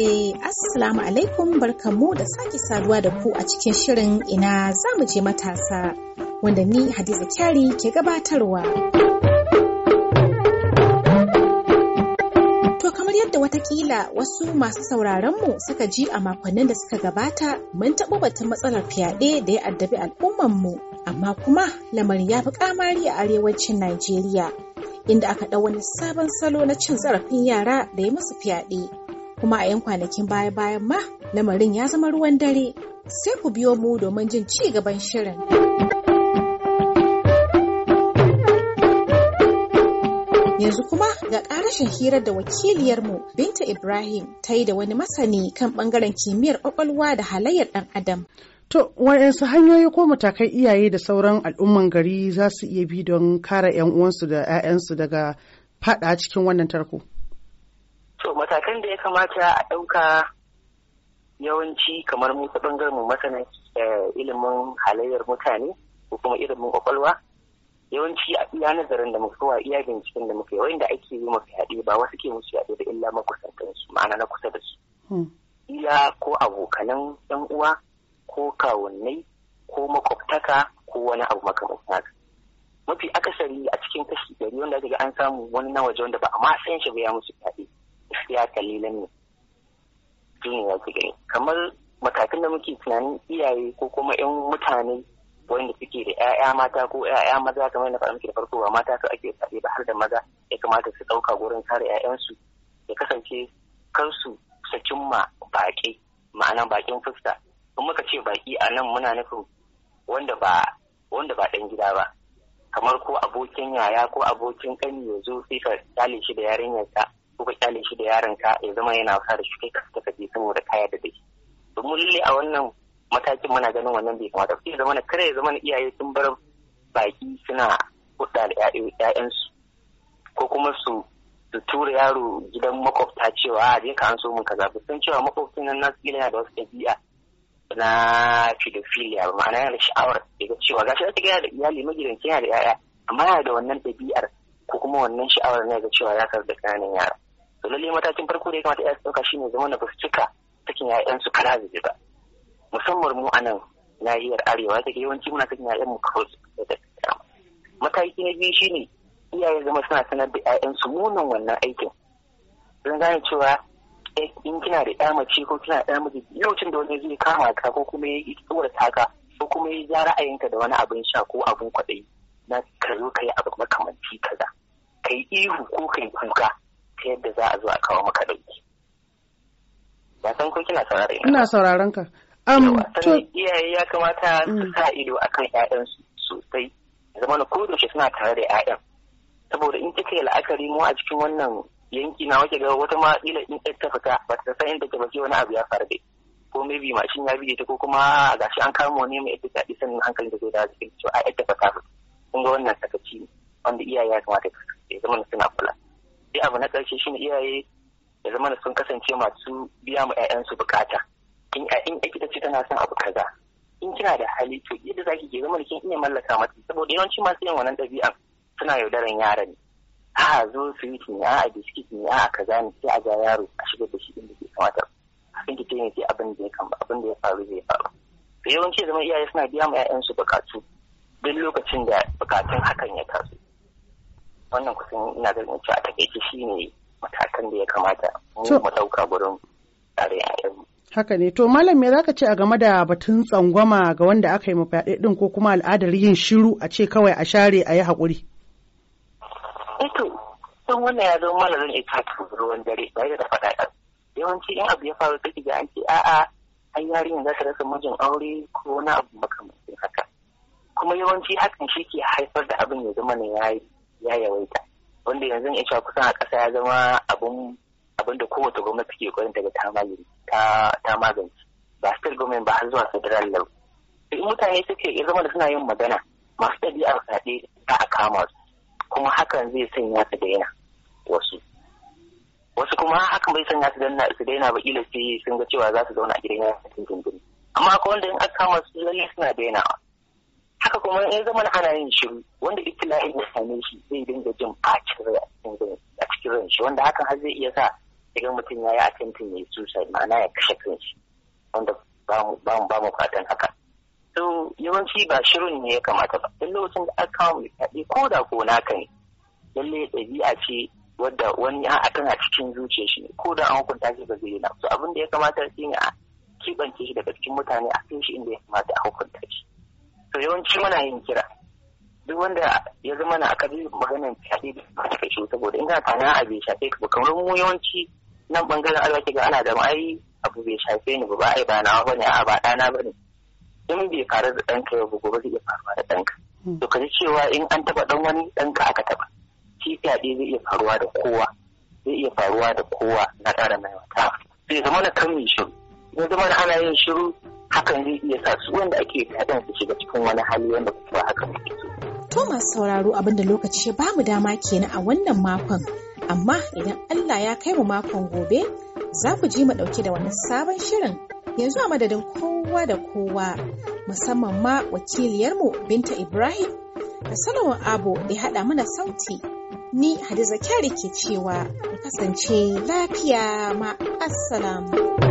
Eh, Assalamu alaikum barkamu da sake saduwa da ku a cikin shirin ina zamu je matasa wanda ni Hadiza Kyari ke gabatarwa. To kamar yadda watakila wasu masu sauraronmu suka ji a makonnin da suka gabata mun taɓa batun matsalar fyaɗe da ya addabi al'ummanmu amma kuma lamarin ya fi kamari a arewacin Najeriya. inda aka ɗau wani sabon salo na cin zarafin yara da ya musu fyaɗe kuma a 'yan kwanakin baya-bayan ma lamarin ya zama ruwan dare sai ku biyo mu domin jin ci gaban shirin. Yanzu kuma ga ƙarashin hirar da wakiliyarmu Binta Ibrahim ta yi da wani masani kan ɓangaren kimiyyar ƙwaƙwalwa da halayyar ɗan Adam. To, wayansu hanyoyi ko matakai iyaye da sauran al'umman gari za su iya bi don kare 'yan uwansu da 'ya'yansu daga faɗa cikin wannan tarko? so matakan da ya kamata a ɗauka yawanci kamar mu ta mu masana eh, ilimin halayyar mutane ko kuma ilimin kwakwalwa yawanci a iya nazarin da muka kowa iya binciken da muka yi wanda ake yi mafi haɗe ba wasu ke musu yaɗe da illa makusantan su ma'ana na kusa da su hmm. ila ko abokanan ɗan uwa ko kawunnai ko makwabtaka ko wani abu makamancin haka mafi akasari a cikin kashi ɗari wanda daga an samu wani na waje wanda ba a ma san shi ba ya musu yaɗe gaskiya kalilan ne gani kamar matakan da muke tunanin iyaye ko kuma yan mutane wanda suke da 'ya'ya mata ko 'ya'ya maza kamar yadda faɗa muke da farko ba mata su ake tsaye ba har da maza ya kamata su ɗauka gurin kare 'ya'yansu ya kasance kansu su cimma baƙi ma'ana baƙin fuska in muka ce baƙi a nan muna nufin wanda ba wanda ba ɗan gida ba kamar ko abokin yaya ko abokin ƙani ya zo sai ka shi da yarinyarsa ko ka kyale shi da yaron ka ya zama yana wasa da shi kai ka saka sake saboda kaya da dai domin lalle a wannan matakin muna ganin wannan bai kamata sai zama na kare zama iyaye sun bar baki suna hudda da ƴaƴansu ko kuma su su tura yaro gidan makwabta cewa a je ka an so mun kaza sun cewa makwabtan nan nasu yana da wasu ɗabi'a na pedophilia ba ma'ana yana da sha'awar daga cewa gashi ta gaya da iyali magidanci yana da 'ya'ya amma yana da wannan ɗabi'ar ko kuma wannan sha'awar na ga cewa ya karɓi ƙananan yara to lalle matakin farko da ya kamata ya ɗauka shine zama na basu cika sakin ƴaƴan su kara zube ba musamman mu anan nahiyar arewa take yawanci muna sakin 'ya'yan mu mataki na biyu shine iyaye zama suna sanar da ƴaƴan su munin wannan aikin Zan gane cewa eh, in kina da ƴa mace ko kina da ƴa mace lokacin da wani zai kama ka ko kuma ya yi tsorata ka ko kuma ya ja ra'ayinka da wani abin sha ko abin kwaɗayi na ka zo ka yi abu makamanci kaza ka yi ihu ko ka yi kuka ta yadda za a zo a kawo maka dauki ba san ko kina saurare ina sauraron ka um to iyaye ya kamata su mm. sa ido akan ƴaƴan su sosai zama ko da suna tare da ƴaƴan saboda in kika yi la'akari mu a cikin wannan yanki na wake ga wata ma ila in ta fita ba ta san inda ta bace wani abu ya faru da ko maybe mashin ya bige ta ko kuma gashi an kama wani mai ita ta sannan hankalin da zai dawo cikin cewa a ita fita kun ga wannan sakaci ne wanda iyaye ya kamata ya zama suna kula sai abu na ƙarshe shine iyaye da zama sun kasance masu biya ma 'ya'yansu bukata in in ita ce tana son abu kaza in kina da hali to yadda zaki ke zama kin iya mallaka mata saboda yawanci masu yin wannan ɗabi'a suna yaudaran yara ne a zo yi ne a biskit ne a kaza ne sai a ga yaro a shigar da shi inda ke kamata A ki tayi sai abin da ya kamba abin da ya faru zai faru to yawanci zama iyaye suna biya ma 'ya'yansu bukatu duk lokacin da bukatun hakan ya taso wannan kusan ina da ci a takaice ne matakan da ya kamata mu dauka gurin tsare yayan haka ne to malam me zaka ce a game da batun tsangwama ga wanda aka yi mafaɗe din ko kuma al'adar yin shiru a ce kawai a share a yi haƙuri eto eh don wannan ya zama mana zan ita ruwan dare ba da faɗa yawanci in abu ya faru kake ga an ce a'a an yarinyar za ta rasa mijin aure ko wani abu makamancin haka kuma yawanci hakan shi ke haifar da abin ya zama ne ya ya yawaita wanda yanzu in sha kusan a ƙasa ya zama abin da kowace gwamnati ke ƙoƙarin daga ta magance ba state government ba har zuwa federal level in mutane suke ya zama da suna yin magana masu ɗabi'ar kaɗe za a kama su kuma hakan zai sanya su daina wasu wasu kuma hakan bai sanya su daina ba ila sai sun ga cewa za su zauna a gidan yara cikin dindin amma akwai wanda in aka kama su lallai suna dainawa kuma in zaman ana yin shiru wanda ibtila'in ya same shi zai dinga jin bacin a cikin ran shi wanda hakan har zai iya sa idan mutum ya yi atentin ya yi suicide ma'ana ya kashe shi wanda ba mu fatan haka to yawanci ba shirin ne ya kamata ba duk lokacin da aka kawo mai ko da ko naka ne lalle ɗabi'a ce wadda wani a a cikin zuciya shi ne ko da an hukunta shi ba zai yi na so abin da ya kamata shi ne a kibance shi daga cikin mutane a kai shi inda ya kamata a hukunta shi to yawanci muna yin kira duk wanda ya zama na aka bi maganar fyaɗe da ba ta shi saboda in kana tana a bai shafe ka kamar mu yawanci nan bangaren arewa ga ana da ma'ai abu bai shafe ni ba ba ai ba nawa a ba ɗana ne in bai faru da ɗanka yau gobe zai iya faruwa da ɗanka hmm. to ka ji cewa in an taɓa ɗan wani ɗanka aka taɓa shi fyaɗe zai iya faruwa da kowa zai iya faruwa da kowa na ƙara mai wata zai zama na kan mai shiru ya zama na ana yin shiru hakan zai iya sa su wanda ake haɗin su shiga cikin wani hali wanda ba haka muke so. Thomas masu sauraro abinda lokaci ya bamu dama kenan a wannan makon amma idan Allah ya kai mu makon gobe za ku ji mu ɗauke da wani sabon shirin yanzu a madadin kowa da kowa musamman ma wakiliyarmu Binta Ibrahim da Salomon Abo da haɗa mana sauti ni Hadiza Kyari ke cewa kasance lafiya ma assalamu.